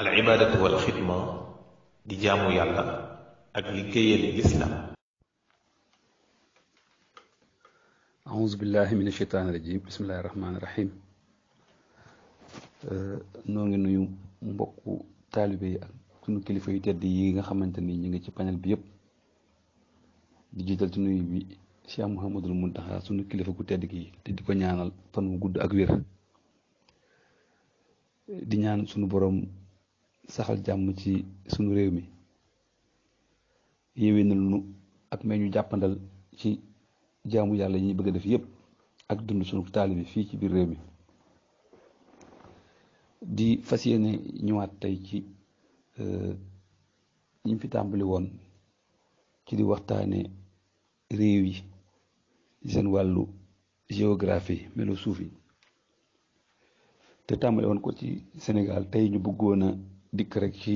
al ibaadatu wal xidma di jaamu yàlla ak liggéeyal lislaam auzu billahi min asheytaani rajim bismillahi rahmaani rahim noo ngi nuyu mbokku taalibe yi ak sunu kilifa yu tedd yi nga xamante ni ñu ngi ci panel bi yépp di jiital ci nuyu bi Cheikh Mouhamadul Muntaxa sunu kilifa gu tedd gi te di ko ñaanal fan wu gudd ak wér di ñaan sunu borom saxal jàmm ci sunu réew mi yéwénal nu ak may ñu jàppandal ci jaamu yàlla yi ñuy bëgg a def yépp ak dund sunu taalibi fii ci biir réew mi di fas yéene ñëwaat tey ci euh, ñi fi tàmbali woon ci di waxtaane réew yi seen wàllu géographie melo suuf yi te tàmbali woon ko ci Sénégal tey ñu bëggoon dikk rekk ci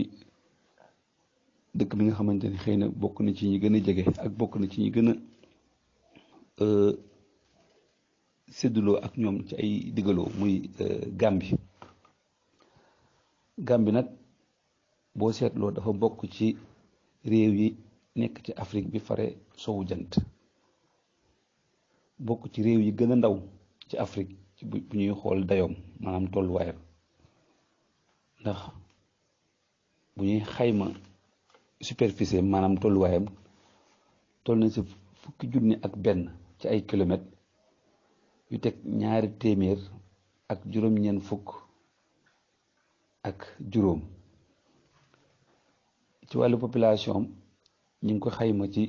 dëkk bi nga xamante ni xëy na bokk na ci ñi gën a jege ak bokk na ci ñi gën a euh, sédduloo ak ñoom ci ay digaloo muy euh, Gàmbi Gàmbi nag boo seetloo dafa bokk ci réew yi nekk ci Afrique bi fare sowu jant bokk ci réew yi gën a ndaw ci Afrique ci bu ñuy xool dayoom maanaam tolluwaayam ndax bu ñuy xayma superficie maanaam tolluwaayam toll na ci fukki junni ak benn ci ay kilomètres yu teg ñaari téeméer ak juróom-ñeent fukk ak juróom ci wàllu population ñu ngi ko xayma ci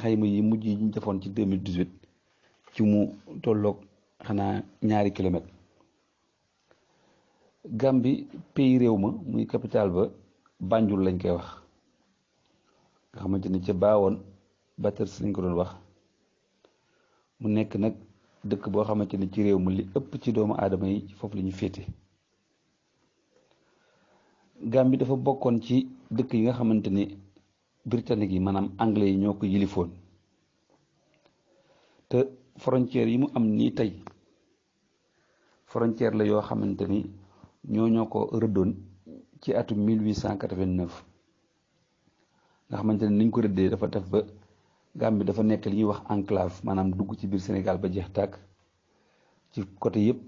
xayma yi mujj yi ñu defoon ci 2018 ci mu tollook xanaa ñaari kilomètres Gambie pays réew ma muy capital ba bànjul lañ koy wax nga xamante ni ca baawoon Batters lañ ko doon wax mu nekk nag dëkk boo xamante ni ci réew mi li ëpp ci doomu aadama yi foofu la ñu féete Gambie dafa bokkoon ci dëkk yi nga xamante ni britannique yi maanaam anglais yi ñoo ko yilifoon te frontière yi mu am nii tey frontière la yoo xamante ni ñoo ñoo ko rëddoon ci atum 1889 nga xamante ne niñ ko rëddee dafa def ba Gambie dafa nekk li ñuy wax enclave maanaam dugg ci biir Sénégal ba jeex tàkk ci côté yëpp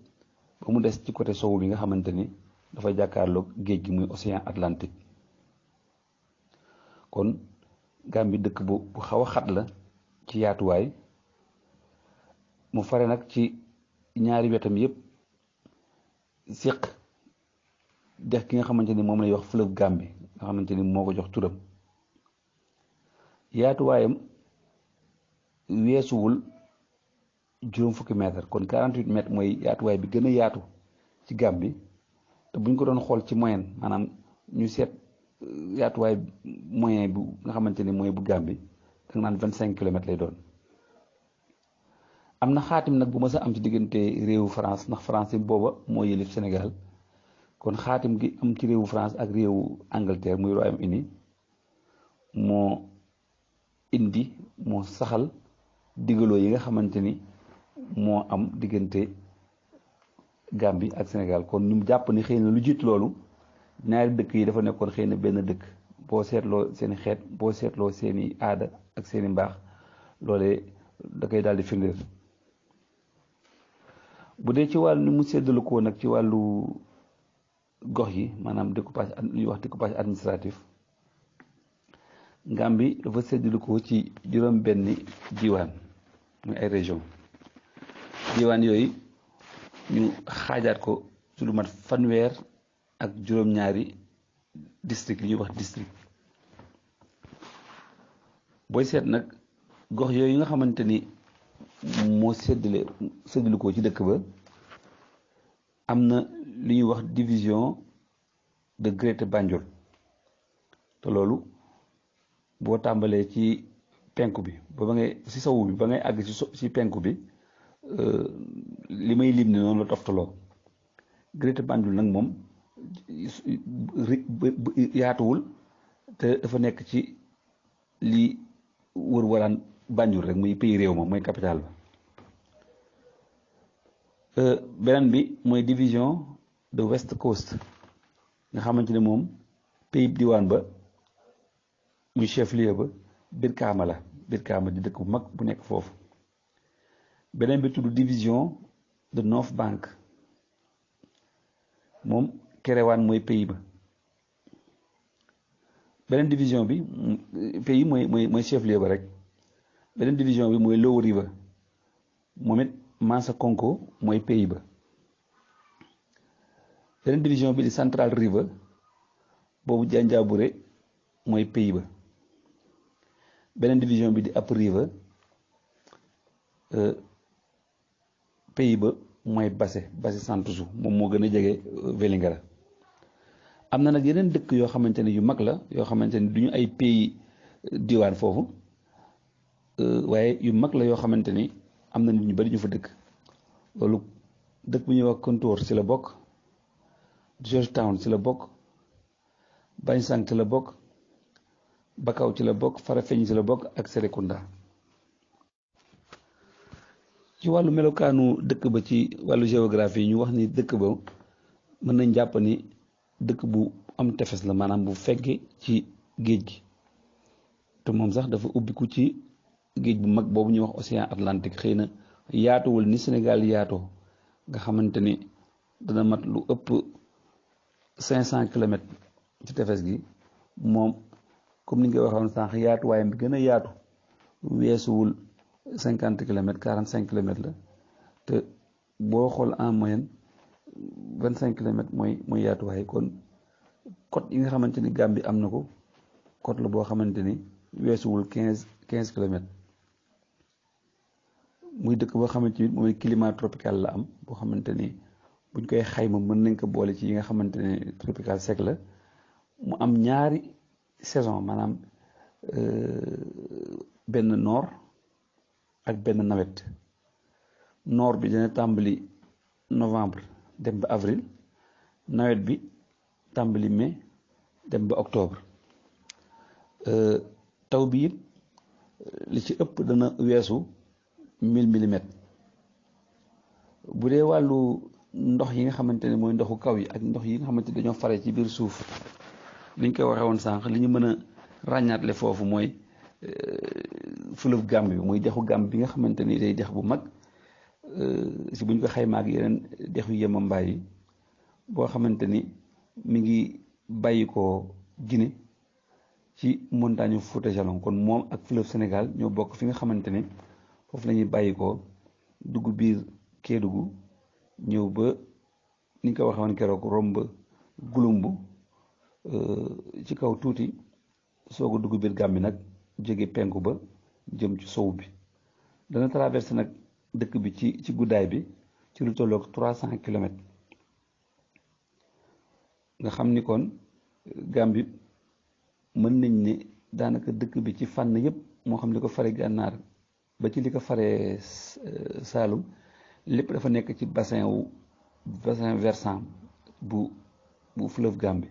ba mu des ci côté sowu bi nga xamante ni dafa jàkkaarloog géej gi muy océan Atlantique kon Gambie dëkk bu bu xaw a xat la ci yaatuwaay mu fare nag ci ñaari wetam yëpp siq dex ki nga xamante ni moom lay wax fleuve Gambie nga xamante ni moo ko jox turam yaatuwaayam weesuwul juróom fukki mètre kon 48 mètres mooy yaatuwaay bi gën a yaatu ci Gambie te bu ñu ko doon xool ci moyenne maanaam ñu seet euh, yaatuwaay moyen bu nga xamante ni mooy bu Gambie da nga naan cinq kilomètres lay doon. am na xaatim nag bu ma sa am ci diggante réewu France ndax France yi booba moo yëlif Sénégal. kon xaatim gi am ci réewu France ak réewu Angleterre muy Royaume-Uni moo indi moo saxal digaloo yi nga xamante ni moo am diggante Gambie ak Sénégal kon ñu jàpp ni xëy na lu jiit loolu ñaari dëkk yi dafa nekkoon xëy na benn dëkk boo seetloo seeni xeet boo seetloo seeni aada ak seeni mbaax loolee da koy daal di firndeel bu dee ci wàllu ni mu séddale ko nag ci wàllu. gox yi maanaam découpage lu ñuy wax découpage administratif Gàmbi dafa séddale ko ci juróom-benni diwaan muy ay région diwaan yooyu ñu xaajaat ko ci lu mat fanweer ak juróom-ñaari district li ñuy wax district booy seet nag gox yooyu nga xamante ni moo séddale séddale ko ci dëkk ba. am na lu ñuy wax division de Greater Banjul te loolu boo tàmbalee ci penku bi ba ba ngay si sowu bi ba ngay àgg si si penku bi euh, li may lim ne noonu la toftaloo Greater Banjul nag moom yaatuwul te dafa nekk ci li wër waraan Banjul rek muy pays réew ma mooy capital ba Euh, beneen bi mooy division de west coast nga xamante ne moom pays diwaan ba muy chef lieu ba Birkaama la Birkaama di dëkk bu mag bu nekk foofu beneen bi tudd division de North Bank moom Kerewaan mooy pays ba beneen division bi mm, pays mooy mooy mooy chef lieu ba rek beneen division bi mooy Lower River moom it Massa Konko mooy pays ba beneen division bi di Central River boobu Janjaabure mooy pays ba beneen division bi di Upper River euh, pays ba mooy Basse Basse Santousou moom moo gën a jege euh, Vélingara am na nag yeneen dëkk yoo xamante ne yu mag la yoo xamante ne du ñu ay pays euh, diwaan foofu waaye yu mag la yoo xamante ni am na nit ñu bari ñu fa dëkk loolu dëkk bu ñuy wax Kontoor ci la bokk Georgetown ci la bokk Bañsang ci la bokk Bakaw ci la bokk Farafeñ ci la bokk ak Serekunda ci wàllu melokaanu dëkk ba ci wàllu géographie ñu wax ni dëkk ba mën nañ jàpp ni dëkk bu am tefes la maanaam bu fekke ci géej gi te moom sax dafa ubbiku ci géej bu mag boobu ñuy wax océan Atlantique xëy na yaatuwul ni Sénégal yaatoo nga xamante ni dana mat lu ëpp cinq cent kilomètres ci tefes gi moom comme ni nga waxoon sànq yaatuwaayam bi gën a yaatu weesuwul cinquante kilomètres quarante cinq kilomètres la te boo xool en moyenne vingt cinq kilomètres mooy mooy yaatuwaay kon côte yi nga xamante ni Gambie am na ko côte la boo xamante ni weesuwul quinze quinze kilomètres muy dëkk boo xamante ni mooy climat tropical la am boo xamante ni buñ koy xayma mën nañ ko boole ci yi nga xamante ne tropical sec la mu am ñaari saison maanaam euh, benn noor ak benn nawet noor bi dana tàmbali novembre dem ba avril nawet bi tàmbali mais dem ba octobre euh, taw bi it li ci ëpp dana weesu mille millimètres bu dee wàllu ndox yi nga xamante ne mooy ndoxu kaw yi ak ndox yi nga xamante ne dañoo fare ci biir suuf liñ koy waxee woon sànq li ñu mën a ràññaatle foofu mooy euh, fleuve Gambie bi muy dexu Gambie bi nga xamante ni day dex bu mag euh, si buñ ko xaymaa ak yeneen dexu yemambaay yi boo xamante ni mi ngi bàyyi ko Guinée ci montagne Fouta Jalon kon moom ak fleuve Sénégal ñoo bokk fi nga xamante ne foofu la ñuy bàyyi ko dugg biir Kédougou ñëw ba ni ko waxee woon keroog romb Goulombou euh, ci kaw tuuti soog a dugg biir Gàmbi nag jóge penku ba jëm ci sow bi dana traversé nag dëkk bi ci ci guddaay bi ci lu tolloog trois cent kilomètres nga xam ni kon Gàmbi mën nañ ne daanaka dëkk bi ci fànn yëpp moo xam li ko fari gànnaar ba ci li ko faree euh, Saalum lépp dafa nekk ci bassin wu bassin versant bu bu fleuve Gambie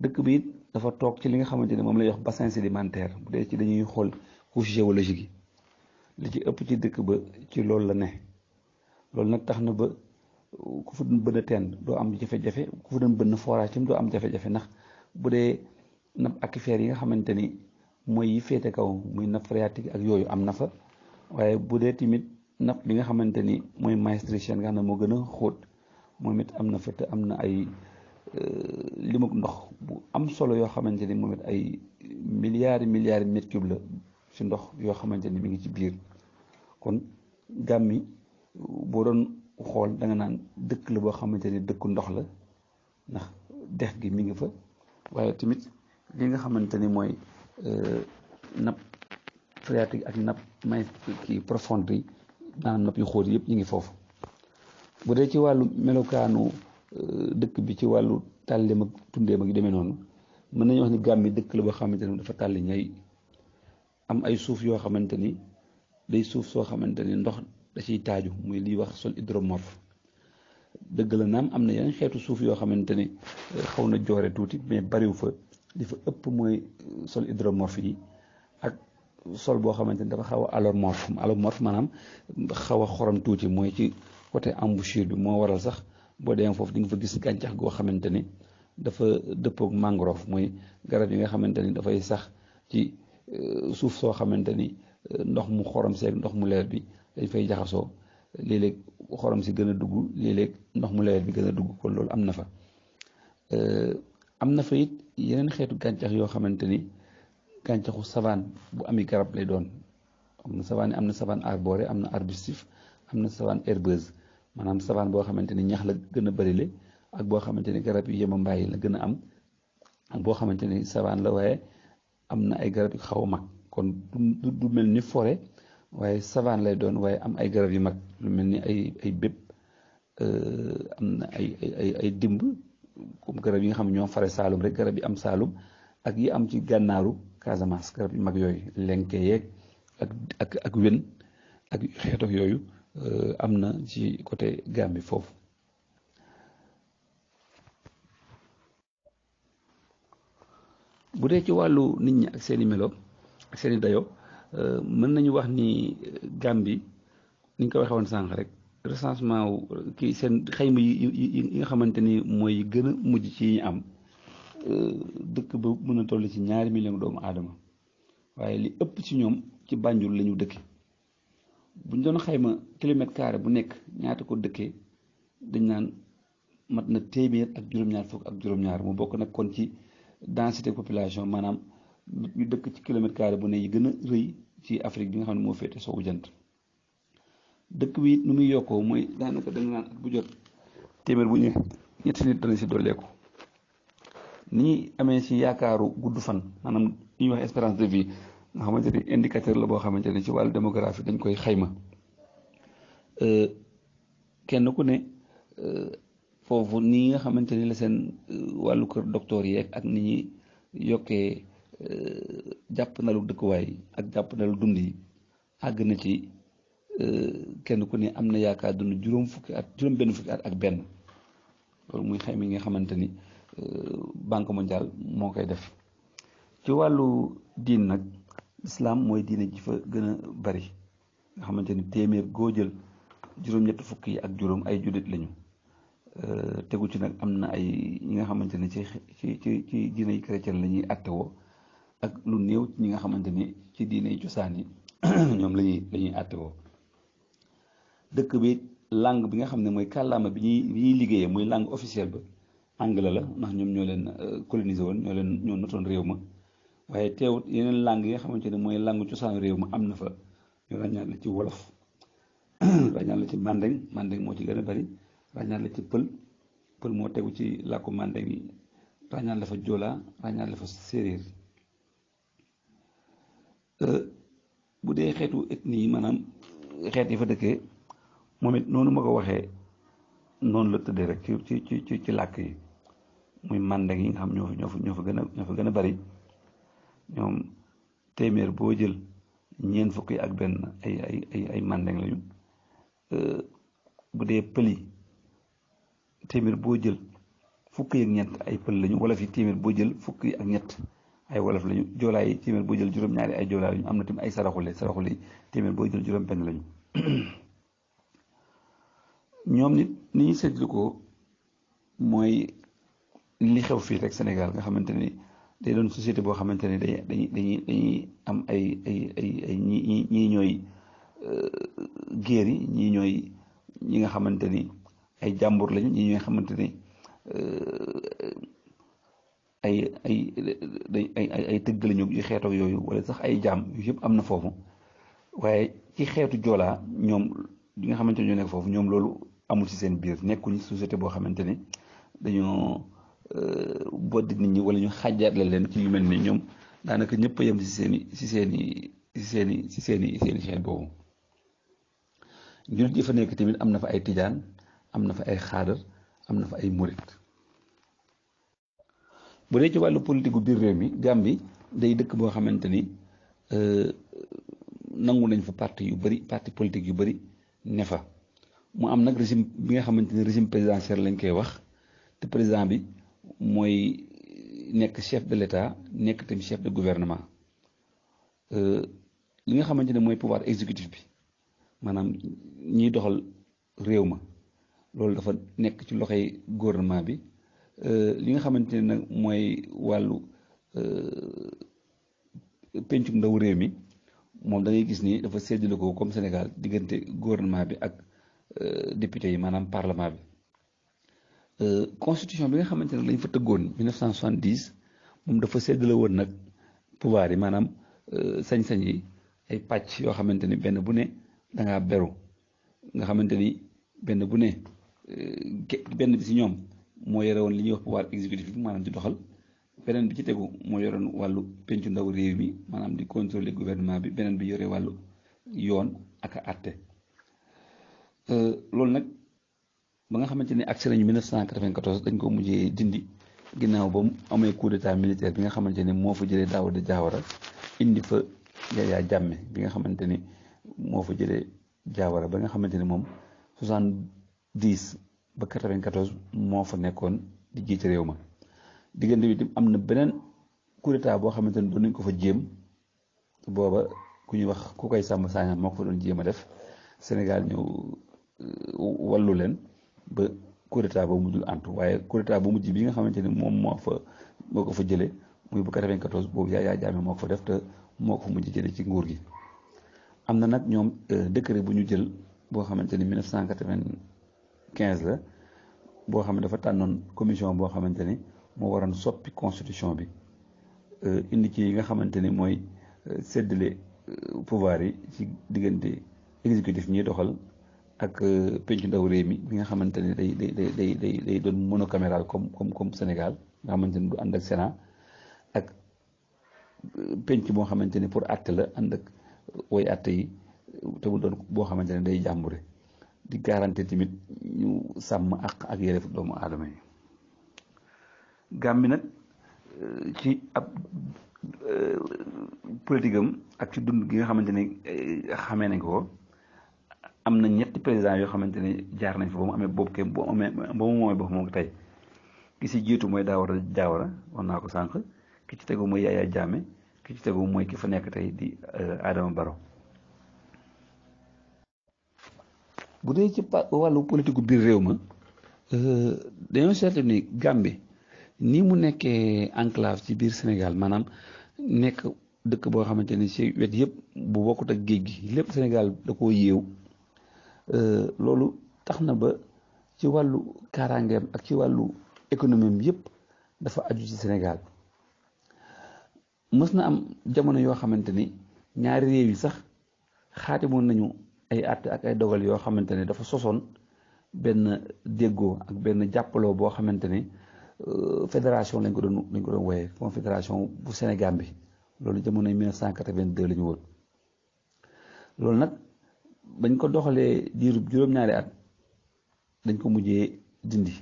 dëkk bi it dafa toog ci li nga xamante ne moom lay wax bassin sédimentaire bu dee ci dañuy xool couche géologique yi li ci ëpp ci dëkk ba ci loolu la ne loolu nag tax na ba euh, ku fa doon bënn teen doo am jafe-jafe ku fa doon bënn forage tam doo am jafe-jafe ndax bu dee napp aquifère yi nga xamante ni mooy yi féete kaw muy nappe phréatique ak yooyu am na fa waaye bu dee tamit nappe bi nga xamante ni mooy maastrichtienne nga xam moo gën a xóot moom it am na fa te am na ay euh, limuk ndox bu am solo yoo xamante ni moom ay milliards milliards mètres cubes la ci ndox yoo xamante ni mi ngi ci biir kon gàmmi boo doon xool danga naan dëkk la boo xamante ni dëkku ndox la ndax dex gi mi ngi fa waaye tamit li nga xamante ni mooy nappe phréatique ak nappe may kii profonde yi maanaam napp yu xóot yëpp ñu ngi foofu bu dee ci wàllu melokaanu dëkk bi ci wàllu tàlleem mag tundeem ak yu demee noonu mën nañu wax ni Gàmbi dëkk la boo xamante ni dafa tàlli ñay am ay suuf yoo xamante ni day suuf soo xamante ni ndox da ciy taaju muy liy wax sol hydromorphe dëgg la naam am na yeneen xeetu suuf yoo xamante ni xaw na joore tuuti mais bariw fa li fa ëpp mooy euh, sol hydromorphe yi ak sol boo xamante ni dafa xaw a allomorphe allomorphe maanaam xaw a xorom tuuti mooy ci côté embouchure bi moo waral sax boo demee foofu di nga fa gis gàncax goo xamante ni dafa dëppook mangrove mooy garab yi nga xamante ni dafay sax ci euh, suuf soo xamante ni euh, ndox mu xorom seeg ndox mu leer bi dañ fay jaxasoo léeg-léeg xorom si gën a dugg léeg-léeg ndox mu leer bi gën a dugg kon loolu am na fa am na fa it yeneen xeetu gàncax yoo xamante ni gàncaxu savane bu ami garab lay doon am na savane am na savane arboré am na arbustif am na savane herbeuse maanaam savane boo xamante ni ñax la gën a bërile ak boo xamante ni garab yu yema mbaay la gën a am ak boo xamante ni savane la waaye am na ay garab yu xaw a mag kon du mel ni forêt waaye savane lay doon waaye am ay garab yu mag lu mel ni ay ay euh, am na ay ay ay dimb comme garab yi nga xam ne ñoo fare Saalum rek garab yi am Saalum ak yi am ci gànnaaru Casamance garab yu mag yooyu lenke yeeg ak ak ak wen ak xeetof yooyu euh, am na ci côté Gambie foofu. bu dee ci wàllu nit ñi ak seeni melo ak seeni dayo euh, mën nañu wax ni Gambie niñ ñu ko waxee woon sànq rek recensement wu kii seen xayma yi yi nga xamante ni mooy gën a mujj ci ñu am euh, dëkk ba mën a toll ci ñaari million doomu aadama waaye li ëpp ci ñoom ci Banjul lañu ñu dëkk buñ doon xayma kilomètre carré bu nekk ñaata ko dëkkee dañ naan mat na téeméer ak juróom-ñaar fukk ak juróom-ñaar mu bokk nag kon ci densité population maanaam ñu dëkk ci kilomètre carré bu ne yi gën a rëy ci Afrique bi nga xam ne moo féete sowu jant dëkk bi nu muy yokkoo mooy daanaka da nga at bu jot téeméer bu ñëw ñetti nit dana si dooleeku ni ñu amee si yaakaaru gudd fan maanaam li ñuy wax espérance de vie nga xamante ni indicateur la boo xamante ne ci wàllu démographie dañ koy xayma euh, kenn ku ne euh, foofu nii nga xamante ni la seen euh, wàllu kër docteur yeeg ak ni ñuy yokkee jàpp nalu dëkkuwaay ak jàpp na dund yi àgg na ci. Euh, kenn ku ne am na yaakaar dund juróom fukki at juróom benn fukki at ak benn loolu muy xayma yi nga xamante ni euh, banque mondiale moo koy def ci wàllu diin nag islam mooy diine ji fa gën a bari nga xamante ni téeméer goo jël juróom-ñetti fukk yi ak juróom ay jullit lañu euh, tegu ci nag am na ay ñi nga xamante ni ci ci ci ci diine yi chrétien la ñuy attewoo ak lu néew ñi nga xamante ni ci diine yi cosaan yi ñoom la ñuy la ñuy dëkk bi langue bi nga xam ne mooy kàllaama bi ñuy bi ñuy liggéeyee muy làng officielle ba anglais la ndax ñoom ñoo leen euh, colonisé woon ñoo leen ñoo notoon réew ma waaye teewut yeneen langue yi nga xamante ne mooy langue cosaanu réew ma am na fa ñu ràññaat la ci wolof ràññaat la ci mandeng mandeng moo ci gën a bari ràññaat la ci pël pël moo tegu ci làkku mandeng yi ràññaat la fa joola ràññaat la fa séeréer euh, bu dee xeetu ethnie yi maanaam xeet yi fa dëkkee moom it noonu ma ko waxee noonu la tëddee rek ci ci ci ci làkk yi muy mandeng yi nga xam ñoo ñoo fa ñoo fa gën a ñoo fa gën a bari ñoom téeméer boo jël ñeent fukk ak benn ay ay lañu euh, bu dee pël boo jël fukk yi ak ñett ay pël lañu wolof yi téeméer boo jël fukk yi ñett ay wolof lañu joolaay yi téeméer boo jël juróom-ñaari ay joolaa lañu am na tamit ay saraxule saraxule yi téeméer boo jël juróom-benn lañu. ñoom nit ni ñu seetlu ko mooy li xew fii rek Sénégal nga xamante ni day doon société boo xamante ni day dañuy dañuy dañuy am ay ay ay ay ñi ñii ñooy euh, géer yi ñii ñooy ñi nga xamante ni ay jàmbur lañu ñii ñooy xamante ni euh, ay ay ay ay tëgg lañu yu xeetoog yooyu wala sax ay jaam yëpp am na foofu waaye ci xeetu joolaa ñoom nga xamante ni ñoo nekk foofu ñoom loolu amul ci seen biir nekkuñu société boo xamante ni dañoo euh, boddi nit ñi wala ñu xàjjaatle leen ci yu mel ni ñoom daanaka ñëpp a yem ci seen i ci seen i ci seen i ci seen i seen i chaîne boobu. jullit yi fa nekk tamit am na fa ay tijaan am na fa ay xaadar am na fa ay murit bu dee ci wàllu politique gu biir réew mi Gàmbi day dëkk boo xamante ni euh, nangu nañ fa parti yu bari parti politique yu bari ne fa. mu am nag régime bi nga xamante ne régime présidentiel lañ koy wax te président bi mooy nekk chef de l'État nekk tamit chef de gouvernement euh, li nga xamante ne mooy pouvoir exécutif bi maanaam ñiy doxal réew ma loolu dafa nekk ci loxoy gouvernement bi euh, li nga xamante ne nag mooy wàllu euh, pencum ndaw réew mi moom da gis nii dafa séddale ko comme Sénégal diggante gouvernement bi ak Euh, député yi maanaam parlement bi euh, constitution bi nga xamante ne lañ fa tëggoon 1970 moom dafa séddale woon nag pouvoir yi maanaam euh, sañ-sañ yi ay pàcc yoo xamante ni benn bu ne da ngaa beru nga xamante ni benn bu ne benn bi si ñoom moo yore woon li ñuy wax pouvoir exécutif bi maanaam di doxal beneen bi ci tegu moo yoroon wàllu pencu ndaw réew mi maanaam di contrôler gouvernement bi beneen bi yore wàllu yoon ak àtte Euh, loolu nag ba nga xamante ni agsi nañu 1994 dañ ko mujjee dindi ginnaaw ba mu amee coup d'état militaire bi nga xamante ni moo fa jëlee Daouda Diawara indi fa Yaya Jammeh bi nga xamante ni moo fa jëlee Diawara ba nga xamante ni moom 70 ba 94 moo fa nekkoon di jiite réew ma diggante bi am na beneen coup d'état boo xamante ni doon nañ ko fa jéem booba ku ñuy wax ku koy sàmm saaña moo ko fa doon jéem a def Sénégal ñëw. wallu leen ba coup d'état ba mujjul antu waaye coup d'état bu mujj bi nga xamante ni moom moo fa moo ko fa jëlee muy bu 94 boobu Yaya Jammeh moo ko fa def te moo ko fa mujj jëlee ci nguur gi. am na nag ñoom euh, décret bu ñu jël boo xamante ni 1995 la boo xam ne dafa tànnoon commission boo xamante ni moo waroon soppi constitution bi euh, indi ci yi nga xamante ni mooy euh, seddle pouvoir yi ci diggante exécutif ñiy doxal. ak euh, pencu ndaw réew mi bi nga xamante ne day day day day day doon monocaméral comme comme comme Sénégal nga xamante ne du ànd ak Sénat ak euh, penc boo xamante ne pour àtte la ànd ak euh, woy àtte yi te doon boo xamante ne day jàmbure di garanti tamit ñu sàmm ak ak yelleef doomu aadama yi. Gàmbi ci ab politique am ak ci dund gi nga xamante ne xamee nañ ko. am na ñetti président yoo xamante ne jaar nañ fa ba mu amee boobu kenn ba mu amee ba mu moomee boppam moom tey ki si jiitu mooy Daawara Jaawara wax naa ko sànq ki ci tegu mooy Yaya Jammeh ki ci tegu mooy ki fa nekk tey di euh, Adama Barrow. bu dee ci wàllu politique biir réew ma euh, dañoo seetlu ni Gambie nii mu nekkee enclave ci biir Sénégal maanaam nekk dëkk boo xamante ni si wet yëpp bu bokkut ak géej gi lépp Sénégal da koo yéew. Euh, loolu tax na ba ci wàllu kaaraangeem ak ci wàllu économie yépp dafa aju ci Sénégal mës na am jamono yoo xamante ni ñaari réew yi sax xaatimoon nañu ay àtte ak ay dogal yoo xamante ne dafa sosoon benn déggoo ak benn jàppaloo boo xamante ne euh, fédération lañ ko doon lañ ko doon wooyee confédération bu Sénégal bi loolu jamono 1982 la ñu woon loolu nag bañ ko doxalee diirub juróom-ñaari at dañ ko mujjee dindi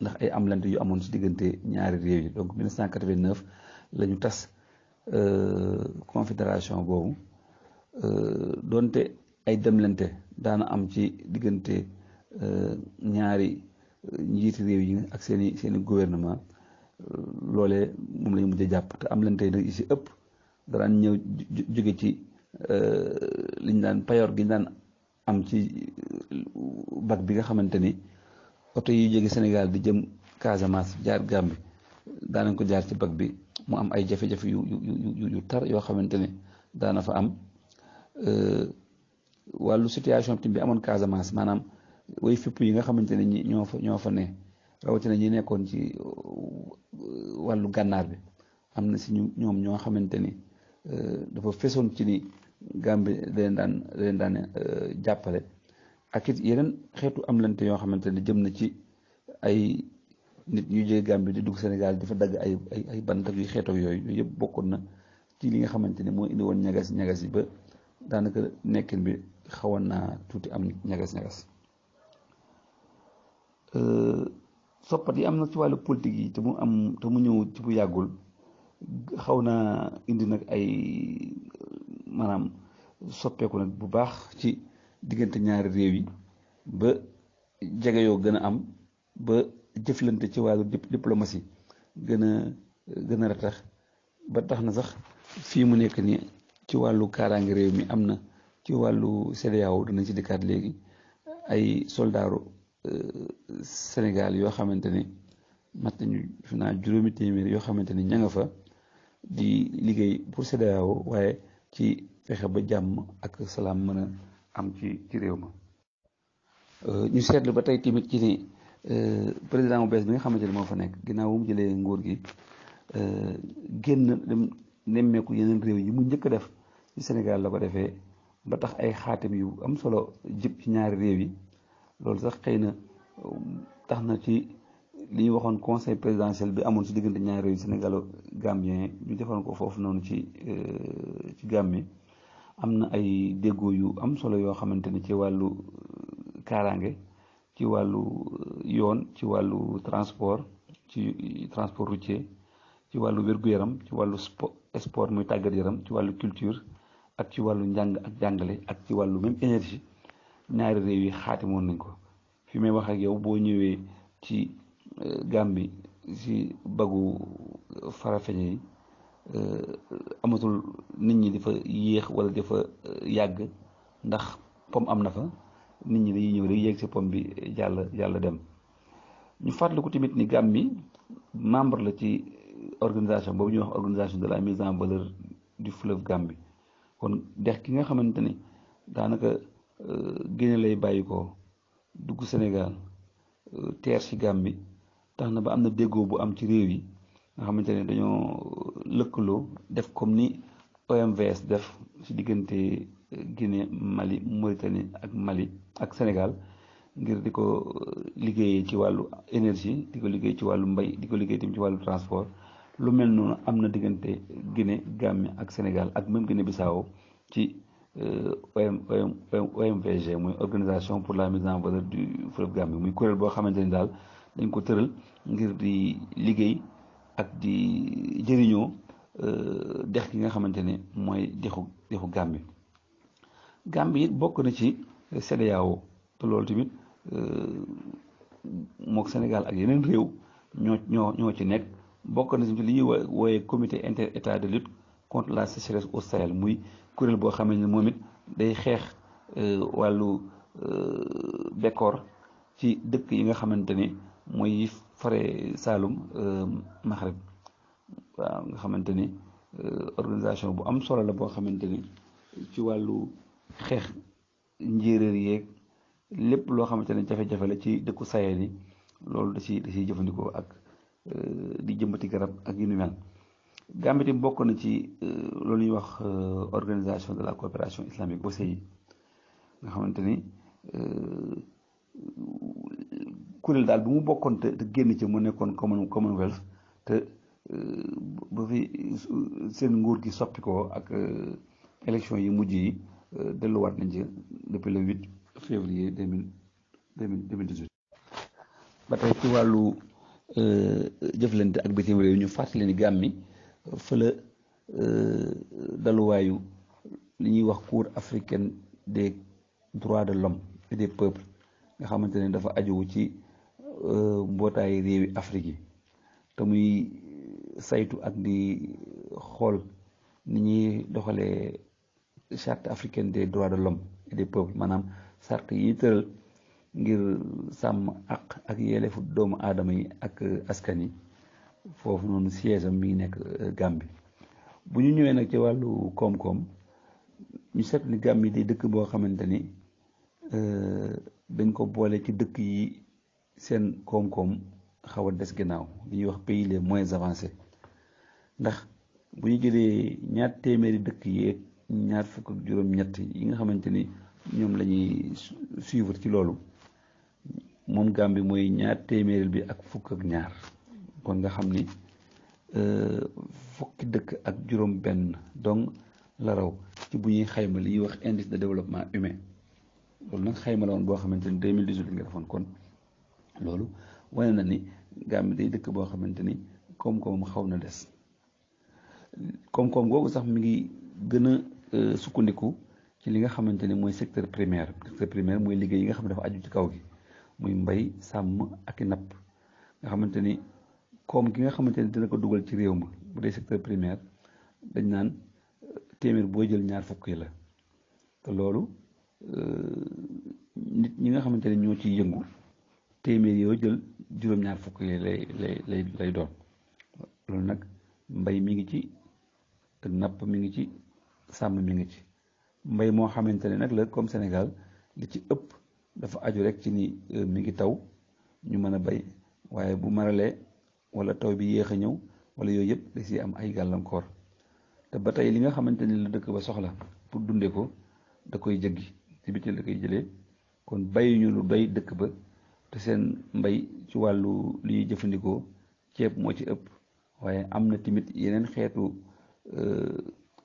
ndax ay amlante yu amoon si diggante ñaari réew yi donc 1989 la ñu tas euh, confédération boobu euh, donte ay demlante daana am ci diggante euh, ñaari njiiti réew yi ak seeni seeni gouvernement loole moom la ñu mujjee jàpp te amlante yi nag yi si ëpp daraan ñëw jóge ci liñ daan payoor gi ñu daan am ci euh, bac bi nga xamante ni oto yi jóge Sénégal di jëm Casamance jaar Gambie daanañ ko jaar ci bac bi mu am ay jafe-jafe yu yu yu tar yoo xamante ni daana fa am euh, wàllu situation tim bi amoon Casamance maanaam woy fipp yi nga xamante ne ñi ñoo fa ñoo fa ne rawatina ñi nekkoon ci euh, wàllu gànnaar bi am na si ñoom ñoo xamante ni dafa fesoon ci ni Gambie da leen daan leen daan euh, jàppale ak it yeneen xeetu amlante yoo xamante ne jëm na ci ay nit ñu jóge Gambie di dugg Sénégal di fa dagg ay ay ay bant yooyu yooyu yëpp bokkoon na ci li nga xamante ne moo indi woon ñagas ñagas yi ba daanaka nekkin bi xawoon naa tuuti am ñagas ñagas euh, soppat yi am na ci wàllu politique yi te mu am te mu ñëw ci mu yàggul xaw naa indi nag ay maanaam soppeeku na bu baax ci diggante ñaari réew yi ba jege yoo gën a am ba jëflante ci wàllu diplomatie gën a gën a ratax ba tax na sax fii mu nekk nii ci wàllu kaaraange réew mi am na ci wàllu CEDEAO danañ ci dikkaat léegi ay soldaaru euh, Sénégal yoo xamante ni mat nañu fi naa juróomi téeméer yoo xamante ni ña nga fa di liggéey pour CEDEAO waaye ci fexe ba jàmm ak salaam mën a am ci ci réew ma euh, ñu seetlu ba tey tamit ci ni euh, président bu bees bi nga xamante ne moo fa nekk ginnaaw mu jëlee nguur gi euh, génn dem nemmeeku yeneen réew yi mu njëkk a def ci Sénégal la ko defee ba tax ay xaatim yu am solo jib ci ñaari réew yi loolu sax xëy na tax na ci li ñu waxoon conseil présidentiel bi amoon ci diggante ñaari réew sénégalo gambien ñu defoon ko foofu noonu ci euh, ci Gambie am na ay déggoo yu am solo yoo xamante ni ci wàllu euh, kaaraange ci wàllu euh, yoon ci wàllu transport ci transport routier ci wàllu wér-gu-yaram ci wàllu sport muy tàggat yaram ci wàllu culture ak ci wàllu njàng ak jàngale ak ci wàllu même énergie ñaari réew yi xaatimoon nañ ko fi may wax ak boo ñëwee ci Gàmbi si bagu Farafeñe yi euh, amatul nit ñi dafa yéex wala dafa euh, yàgg ndax pom am na fa nit ñi dañuy ñëw rek yéeg si pom bi jàll jàll dem ñu ko tamit ni Gàmbi membre la ci organisation boobu ñuy wax organisation de la mise en valeur du fleuve Gàmbi kon dex ki nga xamante ni daanaka euh, Guinée lay bàyyi ko dugg Sénégal teer si Gàmbi tax na ba am na déggoo bu am ci réew yi nga xamante ne dañoo lëkkaloo def comme ni OMVS def ci diggante Guinée Mali Mauritanie ak Mali ak Sénégal ngir di ko liggéeyee ci wàllu énergie di ko liggéey ci wàllu mbay di ko liggéey tamit ci wàllu transport lu mel noonu am na diggante Guinée Gambie ak Sénégal ak même Guinée Bissau ci euh, OM OM OMVG muy organisation pour la mise en valeur du fleuve Gambie muy kuréel boo xamante ni daal. dañ ko tëral ngir di liggéey ak di jëriñoo euh, dex gi nga xamante ne mooy dexu dexu Gàmbi Gàmbi it bokk na ci CEDEAO te loolu tamit euh, mook Sénégal ak yeneen réew ñoo ñoo ñoo ci nekk bokk na ci li ñuy wooyee comité inter état de lutte contre la sécheresse au muy kuréel boo xam ne moom it day xeex euh, wàllu bekkoor ci dëkk yi nga xamante ni mooy yi fare Saalum euh, Maghreb waaw nga xamante ni euh, organisation bu am solo la boo xamante ni ci wàllu xeex njéeréer yeeg lépp loo xamante ne jafe-jafe la ci dëkku sayel yi loolu da ci da jëfandikoo ak euh, di jëmbati garab ak yu ni mel Gambie tamit bokk na ci loolu ñuy wax organisation de la coopération islamique OCI nga xamante ni kuréel daal bi mu bokkoon te génn ci mu nekkoon common commonwealth te euh, ba fi seen nguur gi soppi ko ak euh, élection yi mujj yi euh, delluwaat nañ ci depuis le 8 février 2018 ba tey ci wàllu jëflante ak bitim réew ñu fàttali ni Gàmbi fëla daluwaayu li ñuy wax cour africaine des droits de l'homme et des nga xamante ne dafa ajuwu ci Euh, mbootaayu réewi Afrique yi te muy euh, saytu ak di xool ni ñuy doxale charte africaine des droits de l'homme et des peuples maanaam charte yi tëral ngir sàmm àq ak yelleefu doomu aadama yi ak euh, askan yi foofu noonu siège am mi ngi nekk Gambie bu ñu ñëwee nag ci wàllu koom-koom ñu seet ni Gambie di dëkk boo xamante ni dañ ko boole ci dëkk yi seen koom-koom xaw a des ginnaaw li ñuy wax pays les moins avancés ndax bu ñu jëlee ñaar téeméeri dëkk yeeg ñaar fukk ak juróom-ñett yi nga xamante ni ñoom lañuy ñuy suivre ci loolu moom bi mooy ñaar téeméeri bi ak fukk ak ñaar kon nga xam ni euh, fukki dëkk ak juróom-benn donc la raw ci bu ñuy xayma li ñuy wax indice de développement humain loolu nag xayma la woon boo xamante ni 2018 nga defoon kon. loolu wane na ni Gàmbi day dëkk boo xamante ni koom-koomam xaw na des koom-koom googu sax mu ngi gën a euh, sukkandiku ci li nga xamante ni mooy secteur primaire secteur primaire mooy liggéey yi nga xam ne dafa aju ci kaw gi muy mbay sàmm ak i napp nga xamante ni koom ki nga xamante ni dina ko dugal ci réew ma bu dee secteur primaire dañ naan euh, téeméer boo jël ñaar fukk la te loolu euh, nit ñi nga xamante ni ñoo ciy yëngu téeméer yoo jël juróom-ñaar fukk yi lay lay lay doon loolu nag mbay mi ngi ci napp mi ngi ci sàmm mi ngi ci mbay moo xamante ne nag la comme senegal li ci ëpp dafa aju rek ci ni euh, mi ngi taw ñu mën a bay waaye bu maralee wala taw bi yéex a ñëw wala yooyu yëpp da si am ay gàllankoor te ba tey li nga xamante ni la dëkk ba soxla pour dunde ko da koy jëggi ci bitti la koy jëlee kon bayuñu lu doy dëkk ba te seen mbay ci wàllu li jëfandikoo ceeb moo ci ëpp waaye am na tamit yeneen xeetu euh,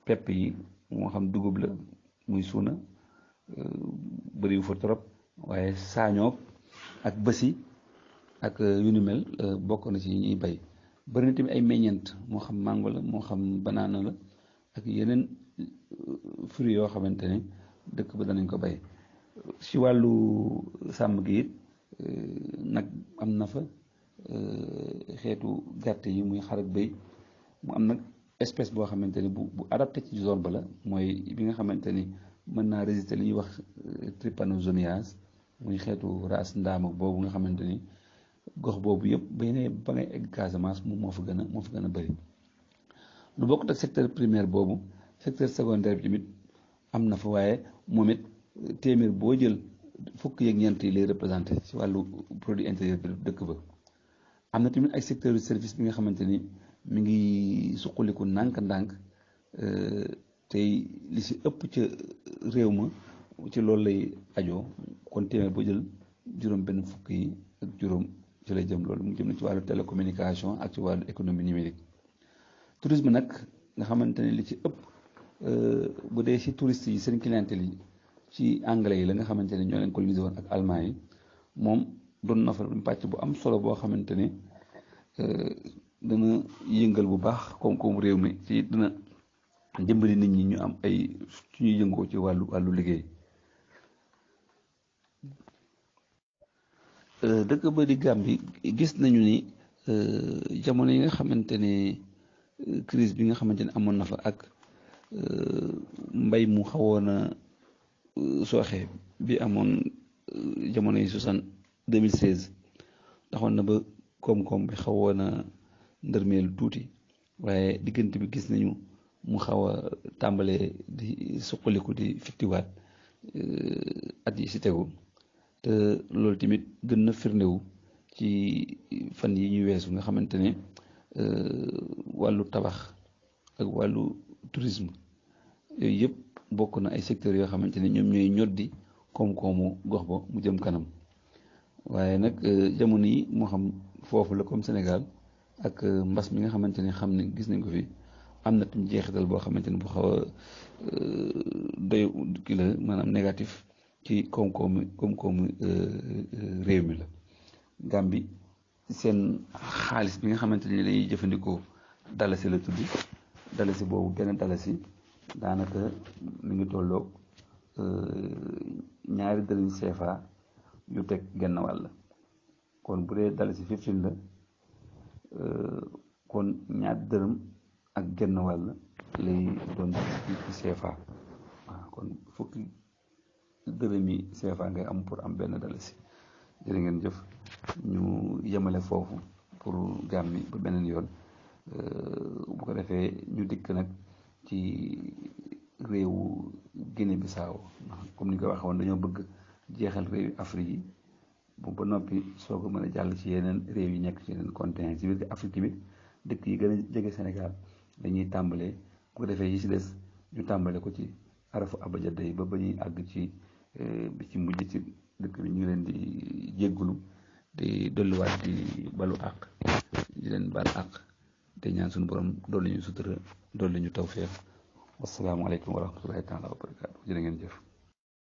pepp yi moo xam dugub la muy suuna euh, bëriwu fa trop waaye saañoog ak bësi ak euh, yu ni mel bokk na ci ñuy bay bëri na ay meññeent moo xam mango la moo xam banaana la ak yeneen fruit yoo xamante ne dëkk ba danañ ko bay ci wàllu sàmm gi it Euh, nag am na fa euh, xeetu gàtt yi muy xar ak mu am nag espèce boo xamante ni bu bu ci zone ba la mooy bi nga xamante ni mën naa résister li ñuy wax euh, trypanosomiase muy xeetu race ndaama boobu nga xamante ni gox boobu yëpp ba ngay ba egg Casamance moom moo fa gën a moo fa gën a bëri. lu bokkut ak secteur primaire boobu secteur secondaire bi tamit am na fa waaye moom it téeméer boo jël. fukk yeeg ñeent yi lay représenté ci wàllu produit intérieur bi dëkk ba am na tamit ay secteur service bi nga xamante ni mi ngi suqaliku ndànk-ndànk euh, tey li si ëpp ca réew ma ci loolu lay ajoo kon téeméer boo jël juróom benn fukk yi ak juróom ci lay jëm loolu mu jëm na ci wàllu télécommunication ak ci wàllu économie numérique tourisme nag nga xamante ni li ci ëpp euh, bu dee si touriste yi seen clientèle yi ci anglais yi la nga xamante ne ñoo leen colonisé woon ak allemand yi moom doon na fa pàcc bu am solo boo xamante ne euh, dana yëngal bu baax comme koom réew mi ci dina dimbali nit ñi ñu am ay su ñuy yëngoo ci wàllu wàllu liggéey euh, dëkk ba di Gàmbi gis nañu ni euh, jamono yi nga xamante ne crise bi nga xamante ne amoon na fa ak mbay mu xawoon a sooxe bi amoon euh, jamono yi soixante 2016 taxoon na ba koom-koom bi xawoon a ndërmeelu tuuti waaye diggante bi gis nañu mu xaw a tàmbalee di suqaliku di fittiwaat euh, at yi si tegu te loolu tamit gën na firndewu ci fan yi ñu weesu nga xamante ne euh, wàllu tabax ak wàllu tourisme yooyu yëpp bokk na ay secteurs yoo xamante ne ñoom ñooy ñoddi koom-koomu gox ba mu jëm kanam waaye nag euh, jamono yi moo xam foofu la comme Sénégal ak euh, mbas mi nga xamante ne xam ne gis nañ ko fi am na tam jeexital boo xamante ne bu xaw a euh, doy kii la maanaam négatif ci koom-koomu koom réew mi la Gàmbi seen xaalis bi nga xamante ne lañuy jëfandikoo dalasi la tudd dalasi boobu benn dalasi daanaka mu ngi tolloog euh, ñaari dërëm CFA yu teg genn wàll la kon bu dee dalasi fifteen la euh, kon ñaari dërëm ak genn wàll lay doon ci CFA kon fukki dërëm yi CFA ngay am pour am benn dalasi jërë ngeen jëf ñu yemale foofu pour gàmmi ba beneen yoon euh, bu ko defee ñu dikk nag ci réewu Guinée Bissau ndax comme ni nga ko waxee woon dañoo bëgg jeexal réewu Afrique yi bu ba noppi soo ko mën a jàll ci yeneen réew yi nekk ci yeneen continent ci biir Afrique bi dëkk yi gën a jege Sénégal dañuy tàmbalee bu defee yi si des ñu tàmbale ko ci arafu abajada yi ba ba ñuy àgg ci eh, bi ci mujj ci dëkk bi ñu leen di jéggulu di dolluwaat di balu àq di leen bal àq te ñaan suñu borom dolli ñu sutura dolli ñu tawfeex wasalaamualeykum wa rahmatullahi taala wa barakaatu jërë ngeen jëf